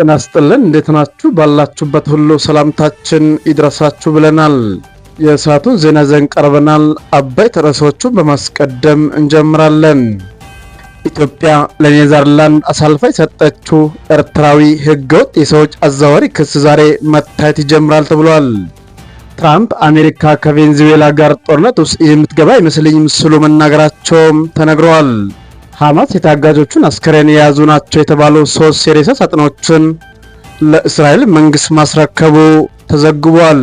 ጤና ይስጥልን። እንዴት ናችሁ? ባላችሁበት ሁሉ ሰላምታችን ይድረሳችሁ ብለናል። የሰዓቱን ዜና ዘን ቀርበናል። አበይት ርዕሶቹን በማስቀደም እንጀምራለን። ኢትዮጵያ ለኔዘርላንድ አሳልፋ የሰጠችው ኤርትራዊ ህገወጥ የሰዎች አዘዋዋሪ ክስ ዛሬ መታየት ይጀምራል ተብሏል። ትራምፕ አሜሪካ ከቬንዙዌላ ጋር ጦርነት ውስጥ የምትገባ አይመስለኝም ምስሉ መናገራቸውም ተነግረዋል። ሐማስ የታጋጆቹን አስከሬን የያዙ ናቸው የተባሉ ሶስት የሬሳ ሳጥኖችን ለእስራኤል መንግስት ማስረከቡ ተዘግቧል።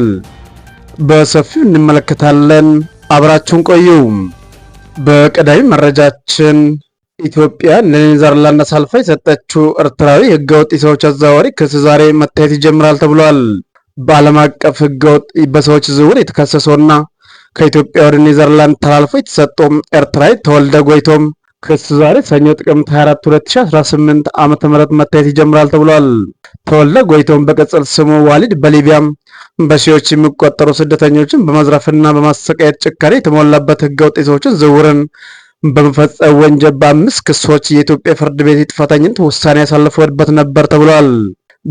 በሰፊው እንመለከታለን። አብራችሁን ቆዩ። በቀዳሚ መረጃችን ኢትዮጵያ ለኔዘርላንድ አሳልፋ የሰጠችው ኤርትራዊ ህገወጥ የሰዎች አዘዋዋሪ ክስ ዛሬ መታየት ይጀምራል ተብሏል። በዓለም አቀፍ ህገወጥ በሰዎች ዝውውር የተከሰሰውና ከኢትዮጵያ ወደ ኔዘርላንድ ተላልፎ የተሰጠውም ኤርትራዊ ተወልደ ጎይቶም ክስ ዛሬ ሰኞ ጥቅምት 24 2018 ዓመተ ምህረት መታየት ይጀምራል ተብሏል። ተወልደ ጎይቶን በቅጽል ስሙ ዋሊድ በሊቢያም በሺዎች የሚቆጠሩ ስደተኞችን በመዝረፍና በማሰቃየት ጭካኔ የተሞላበት ወጥ የሰዎችን ዝውውርን በመፈጸም ወንጀል በአምስት ክሶች የኢትዮጵያ ፍርድ ቤት የጥፋተኝነት ውሳኔ ያሳለፈበት ነበር ተብሏል።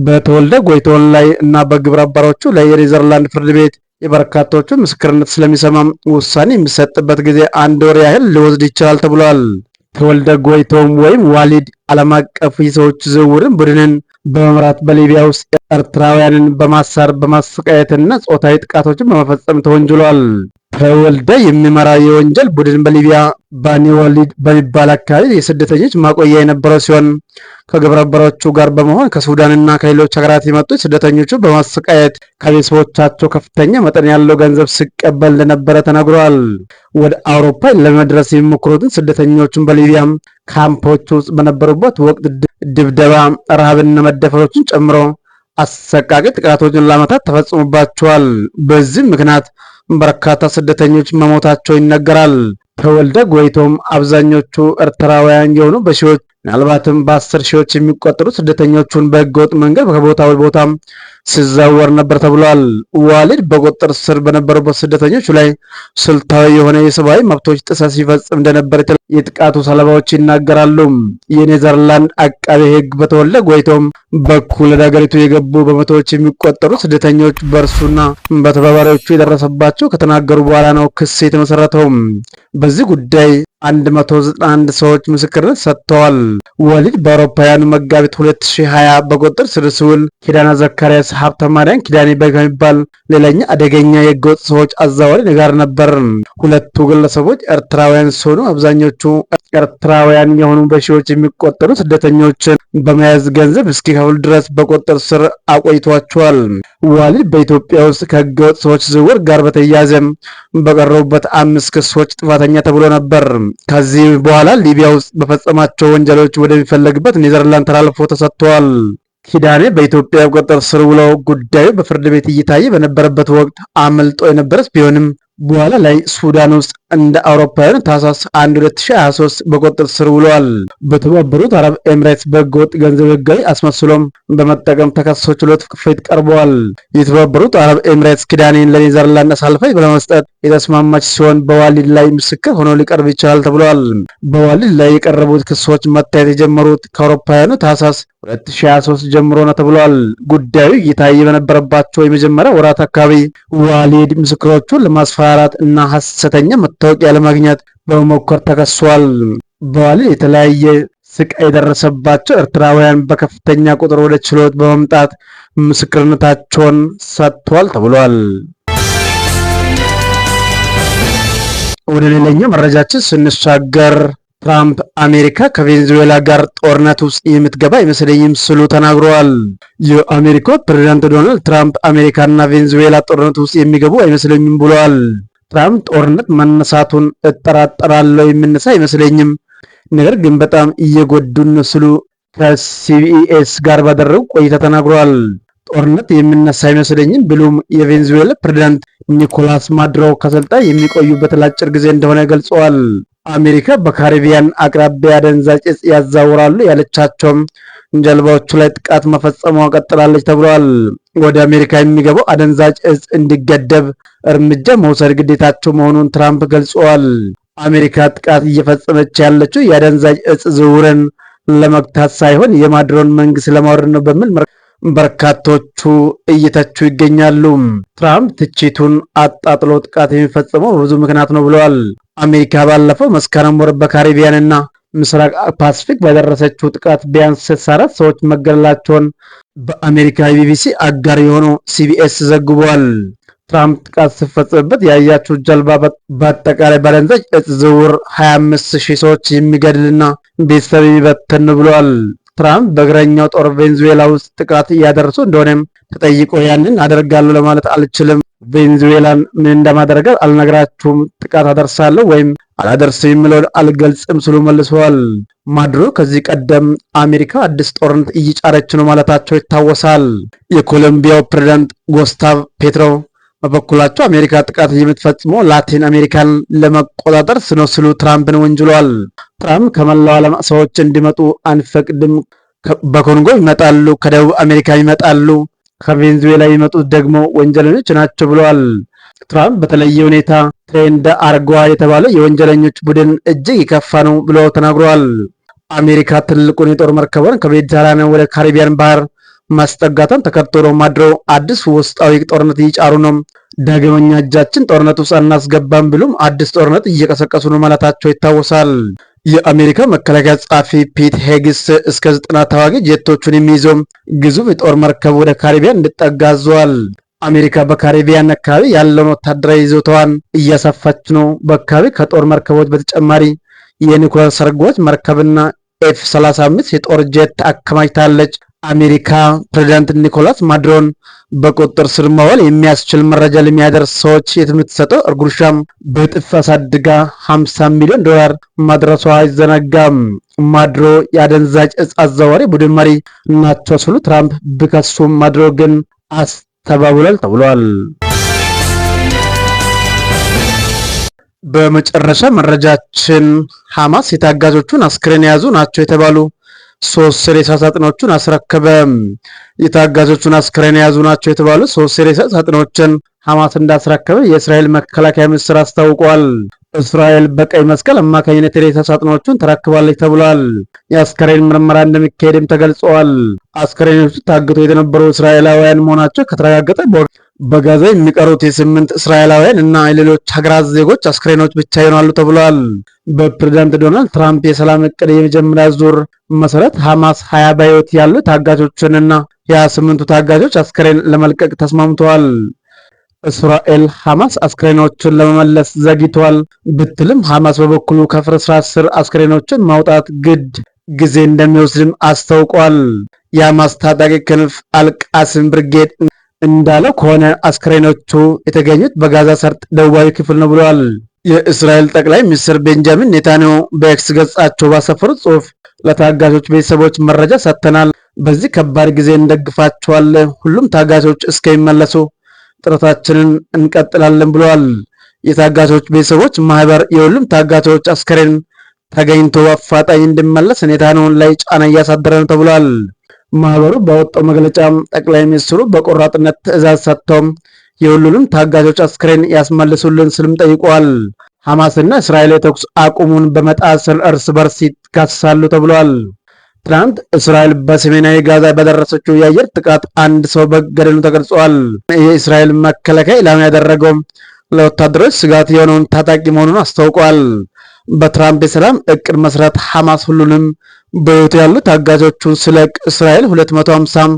በተወልደ ጎይቶን ላይ እና በግብረ አባሮቹ ላይ የኔዘርላንድ ፍርድ ቤት የበርካቶቹ ምስክርነት ስለሚሰማም ውሳኔ የሚሰጥበት ጊዜ አንድ ወር ያህል ሊወስድ ይችላል ተብሏል። ከወልደ ጎይቶም ወይም ዋሊድ ዓለም አቀፍ የሰዎች ዝውውርን ቡድንን በመምራት በሊቢያ ውስጥ ኤርትራውያንን በማሳር በማሰቃየትና ጾታዊ ጥቃቶችን በመፈጸም ተወንጅሏል። ተወልደ የሚመራ የወንጀል ቡድን በሊቢያ ባኒወሊድ በሚባል አካባቢ የስደተኞች ማቆያ የነበረው ሲሆን ከግብረ ጋር በመሆን ከሱዳንና ከሌሎች ሀገራት የመጡት ስደተኞቹ በማሰቃየት ከቤተሰቦቻቸው ከፍተኛ መጠን ያለው ገንዘብ ሲቀበል እንደነበረ ተነግሯል። ወደ አውሮፓ ለመድረስ የሚሞክሩትን ስደተኞቹን በሊቢያ ካምፖች ውስጥ በነበሩበት ወቅት ድብደባ፣ ረሃብና መደፈሮችን ጨምሮ አሰቃቂ ጥቃቶችን ለዓመታት ተፈጽሞባቸዋል። በዚህም ምክንያት በርካታ ስደተኞች መሞታቸው ይነገራል። ተወልደ ጎይቶም አብዛኞቹ ኤርትራውያን የሆኑ በሺዎች ምናልባትም በአስር ሺዎች የሚቆጠሩ ስደተኞቹን በህገወጥ መንገድ ከቦታ ወደ ቦታም ሲዘወር ነበር ተብሏል። ዋሊድ በቁጥጥር ስር በነበሩበት ስደተኞች ላይ ስልታዊ የሆነ የሰብአዊ መብቶች ጥሰት ሲፈጽም እንደነበር የጥቃቱ ሰለባዎች ይናገራሉ። የኔዘርላንድ አቃቤ ሕግ በተወለ ወይቶም በኩል ወደ ሀገሪቱ የገቡ በመቶዎች የሚቆጠሩ ስደተኞች በእርሱና በተባባሪዎቹ የደረሰባቸው ከተናገሩ በኋላ ነው ክስ የተመሰረተው። በዚህ ጉዳይ 191 ሰዎች ምስክርነት ሰጥተዋል። ወሊድ በአውሮፓውያኑ መጋቢት 2020 በቁጥጥር ስር ሲውል ኪዳና ዘካርያስ ማርያም ኪዳኔ በግ የሚባል ሌላኛ አደገኛ የህገወጥ ሰዎች አዘዋዋሪ ጋር ነበር። ሁለቱ ግለሰቦች ኤርትራውያን ሲሆኑ አብዛኞቹ ኤርትራውያን የሆኑ በሺዎች የሚቆጠሩ ስደተኞችን በመያዝ ገንዘብ እስኪከፍሉ ድረስ በቁጥጥር ስር አቆይቷቸዋል። ዋሊድ በኢትዮጵያ ውስጥ ከህገወጥ ሰዎች ዝውውር ጋር በተያያዘ በቀረቡበት አምስት ክሶች ጥፋተኛ ተብሎ ነበር። ከዚህ በኋላ ሊቢያ ውስጥ በፈጸማቸው ወንጀሎች ወደሚፈለግበት ኔዘርላንድ ተላልፎ ተሰጥቷል። ኪዳኔ በኢትዮጵያ ቁጥጥር ስር ውለው ጉዳዩ በፍርድ ቤት እየታየ በነበረበት ወቅት አመልጦ የነበረ ቢሆንም በኋላ ላይ ሱዳን ውስጥ እንደ አውሮፓውያን ታህሳስ 1 2023 በቁጥጥር ስር ውለዋል። በተባበሩት አረብ ኤምሬትስ በህገወጥ ገንዘብ ህጋዊ አስመስሎም በመጠቀም ተከሳሾች ችሎት ፊት ቀርበዋል። የተባበሩት አረብ ኤምሬትስ ኪዳኔን ለኔዘርላንድ አሳልፋ በመስጠት የተስማማች ሲሆን በዋሊድ ላይ ምስክር ሆኖ ሊቀርብ ይችላል ተብሏል። በዋሊድ ላይ የቀረቡት ክሶች መታየት የጀመሩት ከአውሮፓውያኑ ታህሳስ 2023 ጀምሮ ነው ተብሏል። ጉዳዩ እየታየ በነበረባቸው የመጀመሪያ ወራት አካባቢ ዋሊድ ምስክሮቹን ለማስፈራራት እና መ። መታወቂያ ለማግኘት በመሞከር ተከሷል። በዋል የተለያየ ስቃይ የደረሰባቸው ኤርትራውያን በከፍተኛ ቁጥር ወደ ችሎት በመምጣት ምስክርነታቸውን ሰጥቷል ተብሏል። ወደ ሌላኛው መረጃችን ስንሻገር ትራምፕ አሜሪካ ከቬንዙዌላ ጋር ጦርነት ውስጥ የምትገባ አይመስለኝም ስሉ ተናግረዋል። የአሜሪካው ፕሬዚዳንት ዶናልድ ትራምፕ አሜሪካና ቬንዙዌላ ጦርነት ውስጥ የሚገቡ አይመስለኝም ብለዋል። ትራምፕ ጦርነት መነሳቱን እጠራጠራለሁ የምነሳ አይመስለኝም። ነገር ግን በጣም እየጎዱን ስሉ ከሲቢኤስ ጋር ባደረጉ ቆይታ ተናግረዋል። ጦርነት የምነሳ አይመስለኝም ብሎም የቬንዙዌላ ፕሬዚዳንት ኒኮላስ ማድሮ ከስልጣን የሚቆዩበት ለአጭር ጊዜ እንደሆነ ገልጸዋል። አሜሪካ በካሪቢያን አቅራቢያ አደንዛዥ እጽ ያዛውራሉ ያለቻቸውም ጀልባዎቹ ላይ ጥቃት መፈጸሟ ቀጥላለች ተብሏል። ወደ አሜሪካ የሚገባው አደንዛዥ ዕፅ እንዲገደብ እርምጃ መውሰድ ግዴታቸው መሆኑን ትራምፕ ገልጸዋል። አሜሪካ ጥቃት እየፈጸመች ያለችው የአደንዛዥ ዕፅ ዝውውርን ለመግታት ሳይሆን የማድሮን መንግስት ለማውረድ ነው በሚል በርካቶቹ እየተቹ ይገኛሉ። ትራምፕ ትችቱን አጣጥሎ ጥቃት የሚፈጽመው በብዙ ምክንያት ነው ብለዋል። አሜሪካ ባለፈው መስከረም ወር በካሪቢያንና ምስራቅ ፓሲፊክ በደረሰችው ጥቃት ቢያንስ 64 ሰዎች መገደላቸውን በአሜሪካ የቢቢሲ አጋር የሆነው ሲቢኤስ ዘግቧል። ትራምፕ ጥቃት ሲፈጽምበት ያያችሁ ጀልባ በአጠቃላይ ባደንዛዥ እጽ ዝውውር 25 ሺህ ሰዎች የሚገድልና ቤተሰብ የሚበትን ብለዋል። ትራምፕ በእግረኛው ጦር ቬንዙዌላ ውስጥ ጥቃት እያደረሱ እንደሆነም ተጠይቆ ያንን አደርጋለሁ ለማለት አልችልም፣ ቬንዙዌላን ምን እንደማደረገ አልነግራችሁም፣ ጥቃት አደርሳለሁ ወይም አላደርስም የሚለውን አልገልጽም ስሉ መልሰዋል። ማድሮ ከዚህ ቀደም አሜሪካ አዲስ ጦርነት እየጫረች ነው ማለታቸው ይታወሳል። የኮሎምቢያው ፕሬዝዳንት ጎስታቭ ፔትሮ በበኩላቸው አሜሪካ ጥቃት የምትፈጽመው ላቲን አሜሪካን ለመቆጣጠር ስኖ ትራምፕን ወንጅለዋል። ትራምፕ ከመላው ዓለም ሰዎች እንዲመጡ አንፈቅድም፣ በኮንጎ ይመጣሉ፣ ከደቡብ አሜሪካ ይመጣሉ፣ ከቬንዙዌላ የሚመጡት ደግሞ ወንጀለኞች ናቸው ብለዋል። ትራምፕ በተለየ ሁኔታ ትሬንድ አርጓ የተባለ የወንጀለኞች ቡድን እጅግ የከፋ ነው ብለው ተናግረዋል። አሜሪካ ትልቁን የጦር መርከቧን ከሜዲተራኒያን ወደ ካሪቢያን ባህር ማስጠጋቷን ተከትሎ ማድሮ አዲስ ውስጣዊ ጦርነት እየጫሩ ነው። ዳግመኛ እጃችን ጦርነት ውስጥ አናስገባም ብሎም አዲስ ጦርነት እየቀሰቀሱ ነው ማለታቸው ይታወሳል። የአሜሪካ መከላከያ ጸሐፊ ፒት ሄግስ እስከ ዘጠና ተዋጊ ጄቶቹን የሚይዘው ግዙፍ የጦር መርከብ ወደ ካሪቢያን እንዲጠጋ አዟል። አሜሪካ በካሪቢያን አካባቢ ያለውን ወታደራዊ ይዞታዋን እያሰፋች ነው። በአካባቢ ከጦር መርከቦች በተጨማሪ የኒኩለር ሰርጓጅ መርከብና ኤፍ 35 የጦር ጄት አከማችታለች። አሜሪካ ፕሬዚዳንት ኒኮላስ ማድሮን በቁጥጥር ስር መዋል የሚያስችል መረጃ ለሚያደርስ ሰዎች የምትሰጠው እርጉርሻም በጥፍ አሳድጋ 50 ሚሊዮን ዶላር ማድረሷ አይዘነጋም። ማድሮ የአደንዛጭ እጽ አዘዋዋሪ ቡድን መሪ ናቸው ሲሉ ትራምፕ ቢከሱም ማድሮ ግን አስተባብሏል ተብሏል። በመጨረሻ መረጃችን ሐማስ የታጋቾቹን አስክሬን የያዙ ናቸው የተባሉ ሶስት ሬሳ ሳጥኖቹን አስረከበ። የታጋቾቹን አስክሬን የያዙ ናቸው የተባሉ ሶስት ሬሳ ሳጥኖችን ሐማስ እንዳስረከበ የእስራኤል መከላከያ ሚኒስትር አስታውቋል። እስራኤል በቀይ መስቀል አማካኝነት የሬሳ ሳጥኖቹን ተረክባለች ተብሏል። የአስከሬን ምርመራ እንደሚካሄድም ተገልጸዋል። አስከሬኖቹ ታግተው የተነበሩ እስራኤላውያን መሆናቸው ከተረጋገጠ በጋዛ የሚቀሩት የስምንት እስራኤላውያን እና የሌሎች ሀገራት ዜጎች አስከሬኖች ብቻ ይሆናሉ ተብሏል። በፕሬዚዳንት ዶናልድ ትራምፕ የሰላም እቅድ የመጀመሪያ ዙር መሰረት ሐማስ ሀያ በሕይወት ያሉ ታጋቾችንና የ 28 ታጋቾች አስክሬን ለመልቀቅ ተስማምተዋል። እስራኤል ሐማስ አስክሬኖችን ለመመለስ ዘግይቷል ብትልም ሐማስ በበኩሉ ከፍርስራሽ ስር አስክሬኖችን ማውጣት ግድ ጊዜ እንደሚወስድም አስታውቋል። የሐማስ ታጣቂ ክንፍ አልቃስም ብርጌድ እንዳለው ከሆነ አስክሬኖቹ የተገኙት በጋዛ ሰርጥ ደቡባዊ ክፍል ነው ብለዋል። የእስራኤል ጠቅላይ ሚኒስትር ቤንጃሚን ኔታንያሁ በኤክስ ገጻቸው ባሰፈሩት ጽሑፍ ለታጋቾች ቤተሰቦች መረጃ ሰጥተናል። በዚህ ከባድ ጊዜ እንደግፋቸዋል። ሁሉም ታጋቾች እስከሚመለሱ ጥረታችንን እንቀጥላለን ብለዋል። የታጋቾች ቤተሰቦች ማህበር የሁሉም ታጋቾች አስከሬን ተገኝቶ አፋጣኝ እንዲመለስ ሁኔታውን ላይ ጫና እያሳደረ ነው ተብሏል። ማህበሩ ባወጣው መግለጫ ጠቅላይ ሚኒስትሩ በቆራጥነት ትዕዛዝ ሰጥተው የሁሉንም ታጋቾች አስክሬን ያስመልሱልን ስልም ጠይቋል። ሐማስና እስራኤል የተኩስ አቁሙን በመጣሰል እርስ በርስ ይካሰሳሉ ተብሏል። ትናንት እስራኤል በሰሜናዊ ጋዛ በደረሰችው የአየር ጥቃት አንድ ሰው በገደሉ ተገልጿል። የእስራኤል መከላከያ ኢላማ ያደረገው ለወታደሮች ስጋት የሆነውን ታጣቂ መሆኑን አስታውቋል። በትራምፕ የሰላም እቅድ መሰረት ሐማስ ሁሉንም በሕይወት ያሉ ታጋቾቹን ስለቅ እስራኤል 250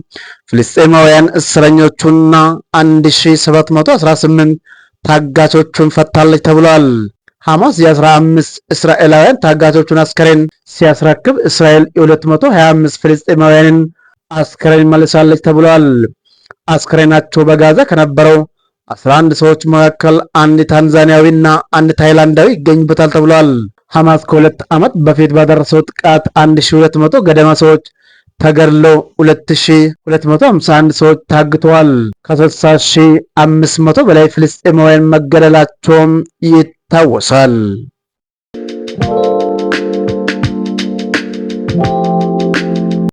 ፍልስጤማውያን እስረኞቹና 1718 ታጋቾቹን ፈታለች ተብሏል። ሐማስ የ15 እስራኤላውያን ታጋቾቹን አስከሬን ሲያስረክብ እስራኤል የ225 ፍልስጤማውያንን አስከሬን መልሳለች ተብሏል። አስከሬናቸው በጋዛ ከነበረው 11 ሰዎች መካከል አንድ ታንዛኒያዊና አንድ ታይላንዳዊ ይገኙበታል ተብሏል። ሐማስ ከሁለት ዓመት በፊት ባደረሰው ጥቃት 1200 ገደማ ሰዎች ተገድለው 2251 ሰዎች ታግተዋል። ከ6500 በላይ ፍልስጤማውያን መገደላቸውም ይታወሳል።